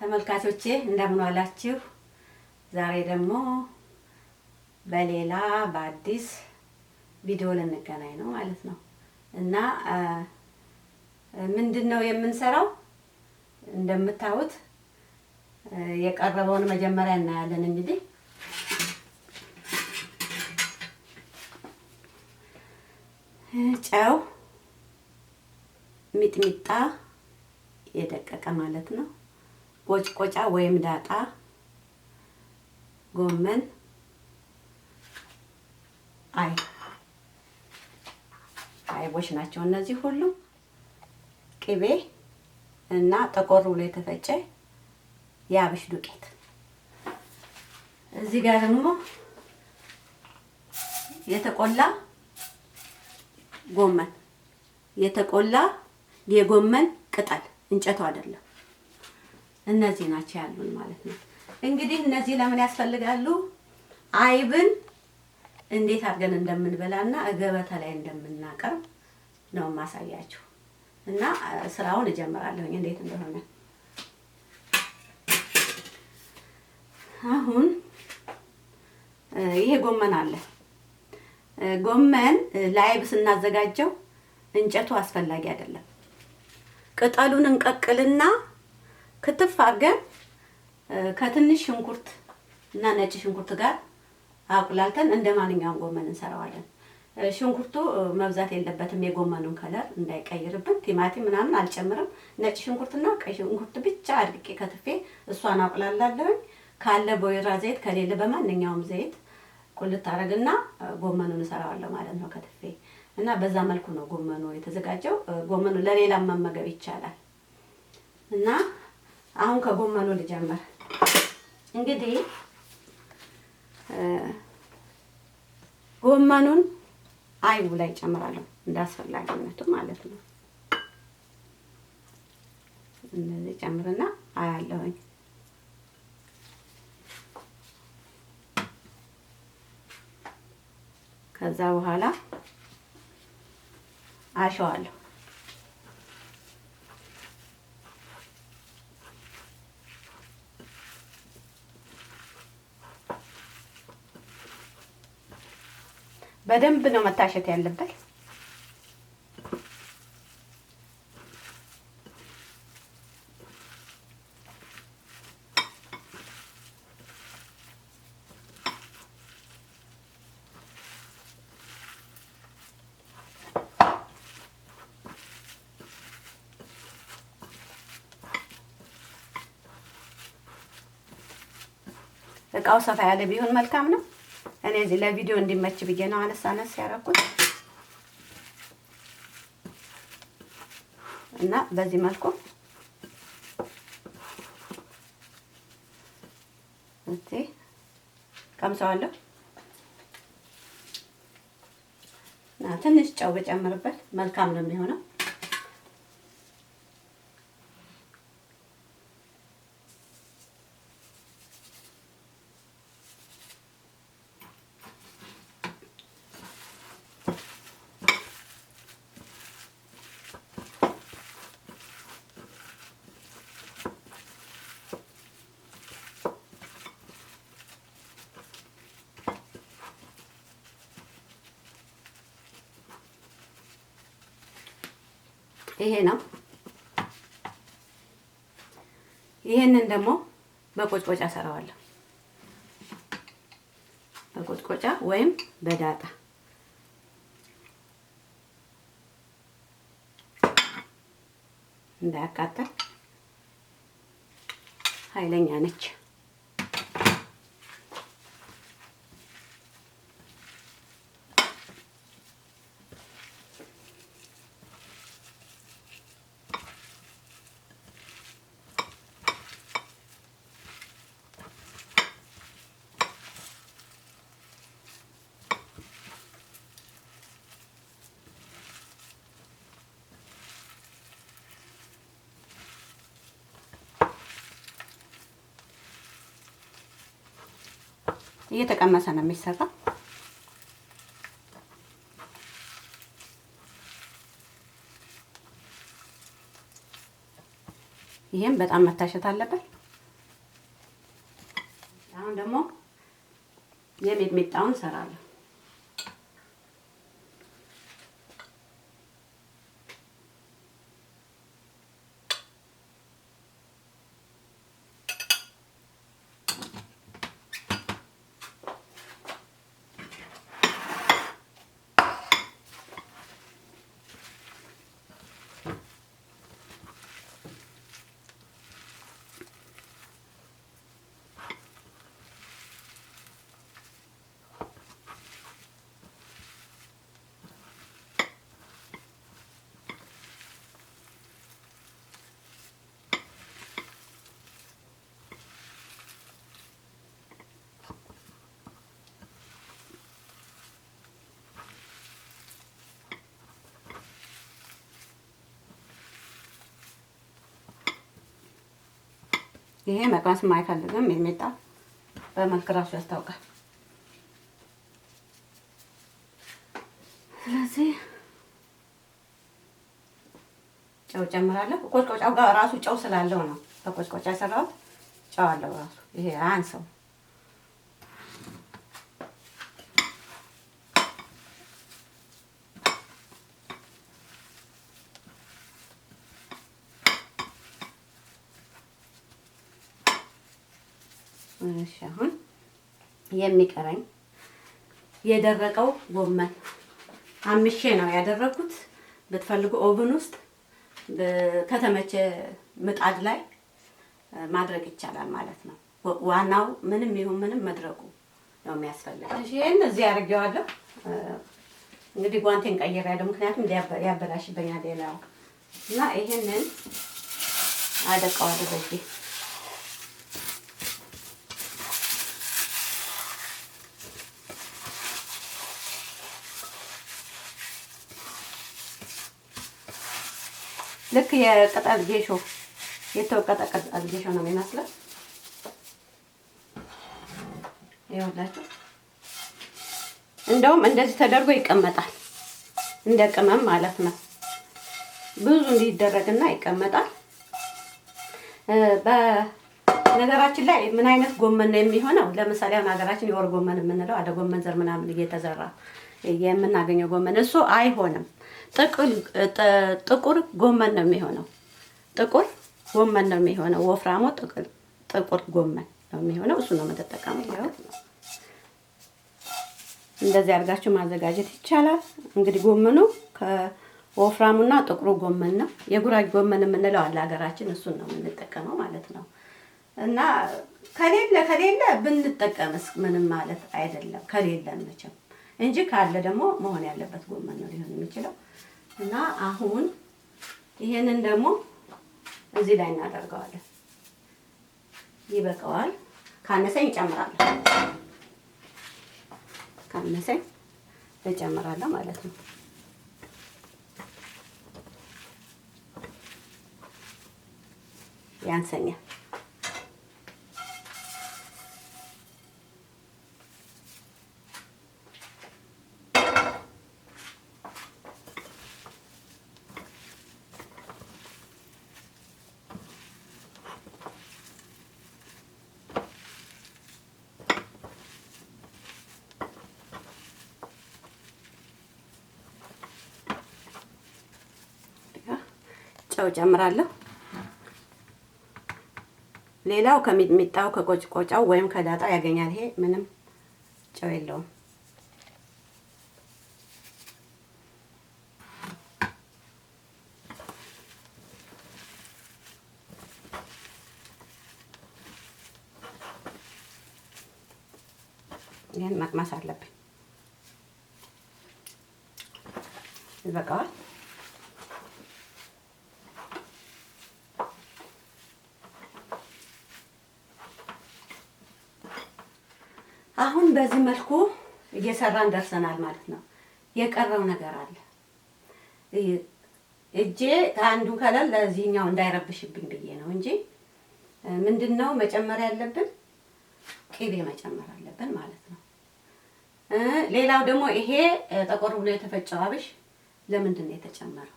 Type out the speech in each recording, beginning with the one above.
ተመልካቾቼ እንደምን አላችሁ? ዛሬ ደግሞ በሌላ በአዲስ ቪዲዮ ልንገናኝ ነው ማለት ነው እና ምንድን ነው የምንሰራው? እንደምታዩት የቀረበውን መጀመሪያ እናያለን። እንግዲህ ጨው፣ ሚጥሚጣ የደቀቀ ማለት ነው ቆጭቆጫ ወይም ዳጣ፣ ጎመን አይ አይቦች ናቸው እነዚህ ሁሉ ቅቤ እና ጠቆር ብሎ የተፈጨ የአብሽ ዱቄት። እዚህ ጋር ደግሞ የተቆላ ጎመን የተቆላ የጎመን ቅጠል እንጨቱ አይደለም። እነዚህ ናቸው ያሉን ማለት ነው። እንግዲህ እነዚህ ለምን ያስፈልጋሉ? አይብን እንዴት አድርገን እንደምንበላና ገበታ ላይ እንደምናቀርብ ነው ማሳያችሁ እና ስራውን እጀምራለሁኝ እንዴት እንደሆነ አሁን ይሄ ጎመን አለ። ጎመን ለአይብ ስናዘጋጀው እንጨቱ አስፈላጊ አይደለም። ቅጠሉን እንቀቅልና ክትፍ አድርገን ከትንሽ ሽንኩርት እና ነጭ ሽንኩርት ጋር አቁላልተን እንደ ማንኛውም ጎመን እንሰራዋለን። ሽንኩርቱ መብዛት የለበትም የጎመኑን ከለር እንዳይቀይርብን። ቲማቲም ምናምን አልጨምርም። ነጭ ሽንኩርትና ቀይ ሽንኩርት ብቻ አድቄ ከትፌ እሷን አቁላላለሁኝ። ካለ በወይራ ዘይት ከሌለ በማንኛውም ዘይት ቁልት አረግና ጎመኑን እሰራዋለሁ ማለት ነው ከትፌ እና በዛ መልኩ ነው ጎመኑ የተዘጋጀው። ጎመኑ ለሌላም መመገብ ይቻላል እና አሁን ከጎመኑ ልጀምር። እንግዲህ ጎመኑን አይቡ ላይ ጨምራለሁ እንዳስፈላጊነቱ ማለት ነው። እንደዚህ ጨምርና አያለሁኝ። ከዛ በኋላ አሸዋለሁ። በደንብ ነው መታሸት ያለበት። እቃው ሰፋ ያለ ቢሆን መልካም ነው። እኔ እዚህ ለቪዲዮ እንዲመች ብዬ ነው አነስ አነስ ያደረኩት እና በዚህ መልኩ እዚህ ቀምሰዋለሁ እና ትንሽ ጨው በጨምርበት መልካም ነው የሚሆነው። ይሄ ነው። ይሄንን ደግሞ በቆጭቆጫ ሰራዋለሁ። በቆጭቆጫ ወይም በዳጣ እንዳያቃጠል ኃይለኛ ነች። እየተቀመሰ ነው የሚሰራ። ይህም በጣም መታሸት አለበት። አሁን ደግሞ የሚጥሚጣውን ሰራለሁ። ይሄ መቅመስም አይፈልግም። የሚጣ በመልክ ራሱ ያስታውቃል። ስለዚህ ጨው ጨምራለሁ። ቆጭቆጫው ጋር ራሱ ጨው ስላለው ነው። በቆጭቆጫ የሰራሁት ጨው አለው ራሱ ይሄ አንሰው አሁን የሚቀረኝ የደረቀው ጎመን አምሼ ነው ያደረኩት። ብትፈልጉ ኦቭን ውስጥ ከተመቸ ምጣድ ላይ ማድረግ ይቻላል ማለት ነው። ዋናው ምንም ይሁን ምንም መድረቁ ነው የሚያስፈልገው። እሺ ይሄን እዚህ አድርጌዋለሁ። እንግዲህ ጓንቴን ቀይሬያለሁ፣ ምክንያቱም ያበላሽበኛል ሌላው እና ይሄንን አደቀዋለሁ በዚህ ልክ የቅጠል ጌሾ የተወቀጠ ቅጠል ጌሾ ነው የሚመስለው። ይኸውላችሁ እንደውም እንደዚህ ተደርጎ ይቀመጣል፣ እንደ ቅመም ማለት ነው። ብዙ እንዲደረግና ይቀመጣል። በነገራችን ላይ ምን አይነት ጎመን ነው የሚሆነው? ለምሳሌ አሁን ሀገራችን የወር ጎመን የምንለው አደ ጎመን ዘር ምናምን እየተዘራ የምናገኘው ጎመን እሱ አይሆንም። ጥቁር ጎመን ነው የሚሆነው። ጥቁር ጎመን ነው የሚሆነው። ወፍራሙ ጥቁር ጎመን ነው የሚሆነው። እሱ ነው የምትጠቀመው ማለት ነው። እንደዚህ አድርጋችሁ ማዘጋጀት ይቻላል። እንግዲህ ጎመኑ ከወፍራሙና ጥቁሩ ጎመን ነው። የጉራጅ ጎመን የምንለው አለ ሀገራችን፣ እሱን ነው የምንጠቀመው ማለት ነው። እና ከሌለ ከሌለ ብንጠቀምስ ምንም ማለት አይደለም። ከሌለ መቼም እንጂ ካለ ደግሞ መሆን ያለበት ጎመን ነው ሊሆን የሚችለው። እና አሁን ይሄንን ደግሞ እዚህ ላይ እናደርገዋለን። ይበቃዋል። ካነሰኝ እጨምራለሁ፣ ካነሰኝ እጨምራለሁ ማለት ነው። ያንሰኛል ጨው ጨምራለሁ። ሌላው ከሚጣው ከቆጭቆጫው ወይም ከዳጣ ያገኛል። ይሄ ምንም ጨው የለውም። ይህን መቅመስ አለብኝ። ይበቃዋል። በዚህ መልኩ እየሰራን ደርሰናል ማለት ነው። የቀረው ነገር አለ። እጄ ከአንዱ ከለር ለዚህኛው እንዳይረብሽብኝ ብዬ ነው እንጂ ምንድን ነው መጨመር ያለብን? ቅቤ መጨመር አለብን ማለት ነው። ሌላው ደግሞ ይሄ ጠቆር ብሎ የተፈጨው አብሽ ለምንድን ነው የተጨመረው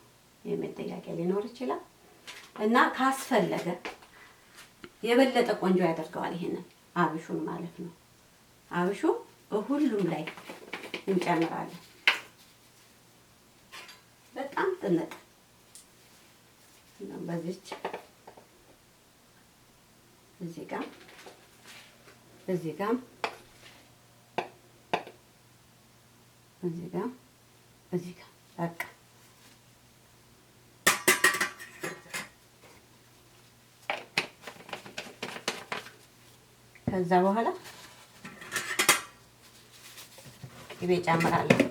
የሚል ጥያቄ ሊኖር ይችላል። እና ካስፈለገ የበለጠ ቆንጆ ያደርገዋል ይሄንን አብሹን ማለት ነው። አብሹ ሁሉም ላይ እንጨምራለን። በጣም ጥንጥ በዚች እዚህ ጋር እዚህ ጋር እዚህ ጋር እዚህ ጋር በቃ ከዛ በኋላ ቅቤ ጨምራለሁ።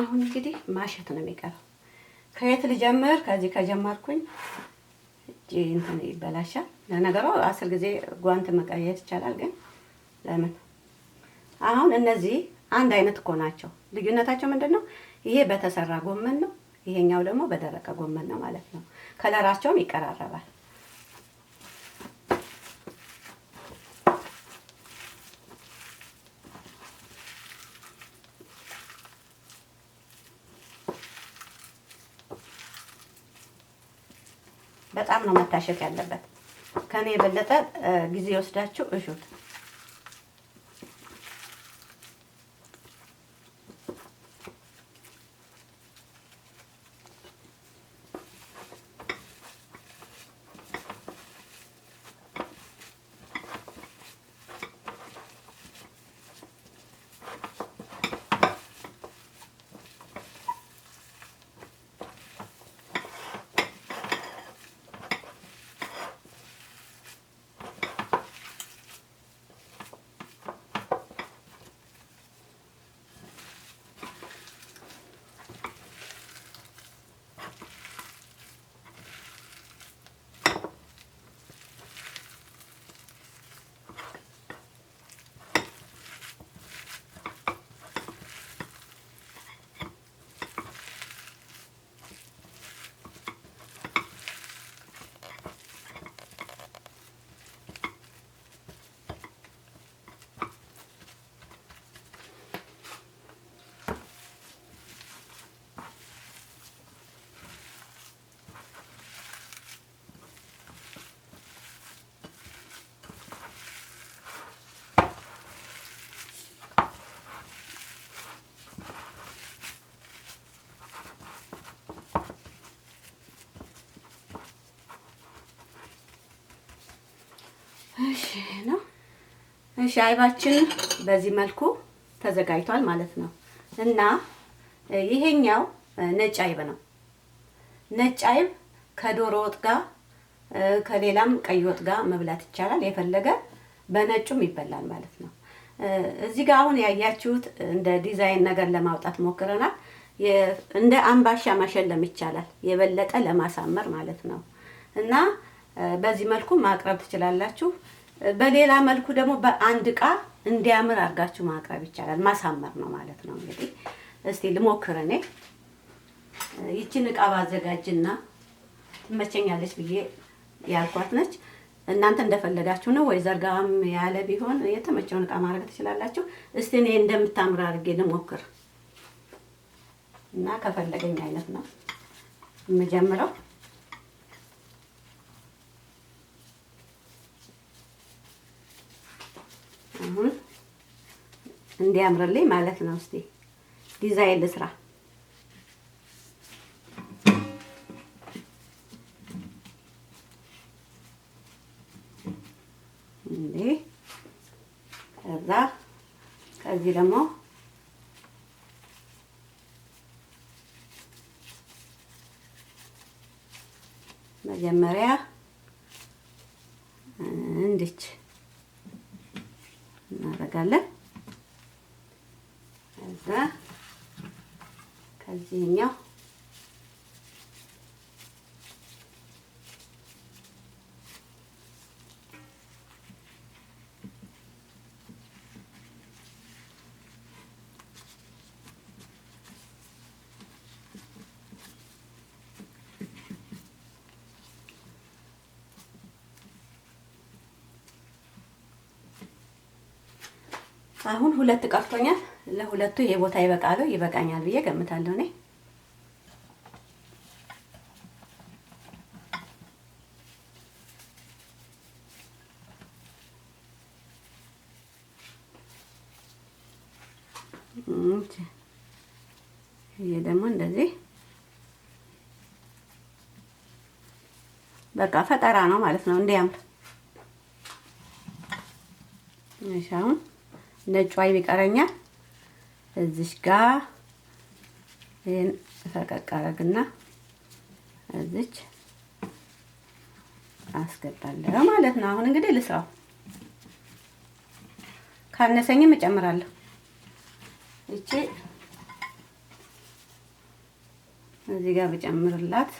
አሁን እንግዲህ ማሸት ነው የሚቀረው። ከየት ልጀምር? ከዚህ ከጀመርኩኝ እጄ እንትን ይበላሻል። ለነገሩ አስር ጊዜ ጓንት መቀየት ይቻላል፣ ግን ለምን አሁን እነዚህ አንድ አይነት እኮ ናቸው። ልዩነታቸው ምንድን ነው? ይሄ በተሰራ ጎመን ነው፣ ይሄኛው ደግሞ በደረቀ ጎመን ነው ማለት ነው። ከለራቸውም ይቀራረባል። በጣም ነው መታሸት ያለበት። ከኔ የበለጠ ጊዜ ወስዳችሁ እሹት። ነው። እሺ አይባችን በዚህ መልኩ ተዘጋጅቷል ማለት ነው እና ይሄኛው ነጭ አይብ ነው። ነጭ አይብ ከዶሮ ወጥ ጋር ከሌላም ቀይ ወጥ ጋር መብላት ይቻላል። የፈለገ በነጩም ይበላል ማለት ነው። እዚህ ጋር አሁን ያያችሁት እንደ ዲዛይን ነገር ለማውጣት ሞክረናል። እንደ አምባሻ ማሸለም ይቻላል፣ የበለጠ ለማሳመር ማለት ነው እና በዚህ መልኩ ማቅረብ ትችላላችሁ። በሌላ መልኩ ደግሞ በአንድ እቃ እንዲያምር አድርጋችሁ ማቅረብ ይቻላል። ማሳመር ነው ማለት ነው። እንግዲህ እስቲ ልሞክር እኔ ይችን እቃ ባዘጋጅና ትመቸኛለች ብዬ ያልኳት ነች። እናንተ እንደፈለጋችሁ ነው ወይ ዘርጋም ያለ ቢሆን የተመቸውን እቃ ማድረግ ትችላላችሁ። እስቲ እኔ እንደምታምር አድርጌ ልሞክር እና ከፈለገኝ አይነት ነው የምጀምረው። እንዲያምርልኝ ማለት ነው። እስቲ ዲዛይን ልስራ። እንዴ ከዛ ከዚህ ደግሞ መጀመሪያ ከዛ ከዚህኛው አሁን ሁለት ቀርቶኛል። ለሁለቱ ይሄ ቦታ ይበቃሉ ይበቃኛል ብዬ ገምታለሁ እኔ ይሄ ደግሞ እንደዚህ በቃ ፈጠራ ነው ማለት ነው። እንዲያምር እሺ፣ አሁን ነጭ ይቀረኛል። እዚሽ ጋ ይሄን ፈቀቅ አረግና እዚች አስገባለሁ ማለት ነው። አሁን እንግዲህ ልስራው። ካነሰኝም እጨምራለሁ። እቺ እዚህ ጋር ብጨምርላት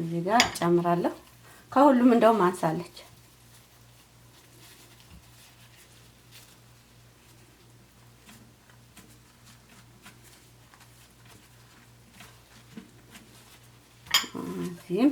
እዚህ ጋር ጨምራለሁ። ከሁሉም እንደውም አንሳለች። እዚህም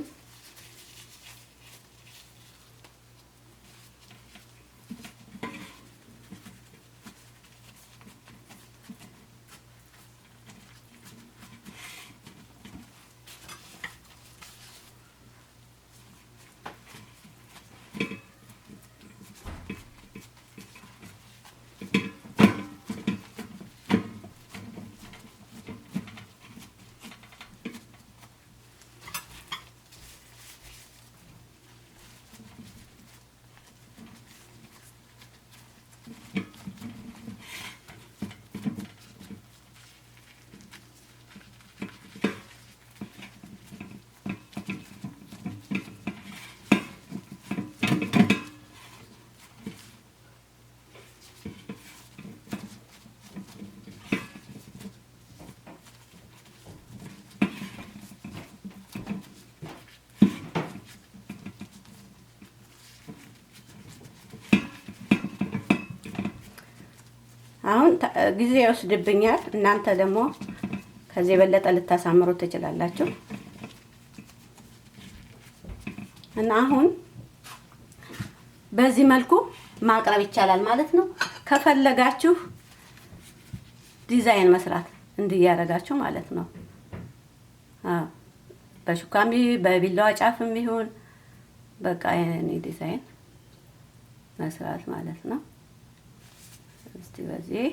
ጊዜ ይወስድብኛል። እናንተ ደግሞ ከዚህ የበለጠ ልታሳምሩ ትችላላችሁ። እና አሁን በዚህ መልኩ ማቅረብ ይቻላል ማለት ነው። ከፈለጋችሁ ዲዛይን መስራት እንዲያደርጋችሁ ማለት ነው። በሹካሚ በቢላዋ ጫፍም ይሁን በቃ የኔ ዲዛይን መስራት ማለት ነው። እስቲ በዚህ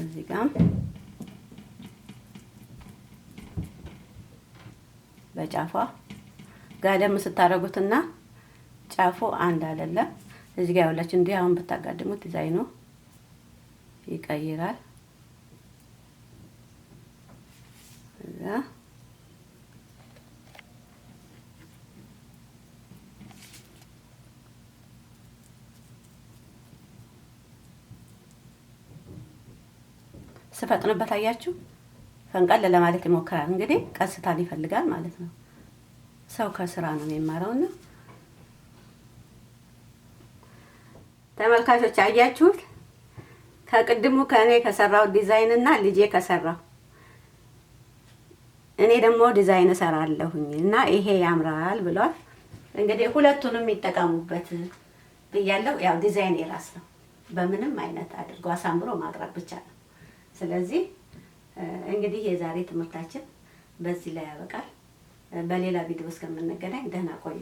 እዚህ ጋር በጫፏ ጋደም ስታደርጉትና ጫፉ አንድ አይደለም። እዚህ ጋር ያውላችሁ እንዲህ አሁን ብታጋድሙት ዲዛይኑ ይቀይራል። ስፈጥንበት አያችሁ ፈንቀል ለማለት ይሞክራል። እንግዲህ ቀስታን ይፈልጋል ማለት ነው። ሰው ከስራ ነው የሚማረውና ተመልካቾች አያችሁት ከቅድሙ ከእኔ ከሰራው ዲዛይን እና ልጄ ከሰራው እኔ ደግሞ ዲዛይን እሰራለሁኝ እና ይሄ ያምራል ብሏል። እንግዲህ ሁለቱንም ይጠቀሙበት ብያለሁ። ያው ዲዛይን የራስ ነው። በምንም አይነት አድርጎ አሳምሮ ማቅረብ ብቻ ነው። ስለዚህ እንግዲህ የዛሬ ትምህርታችን በዚህ ላይ ያበቃል። በሌላ ቪዲዮ እስከምንገናኝ ደህና ቆዩ።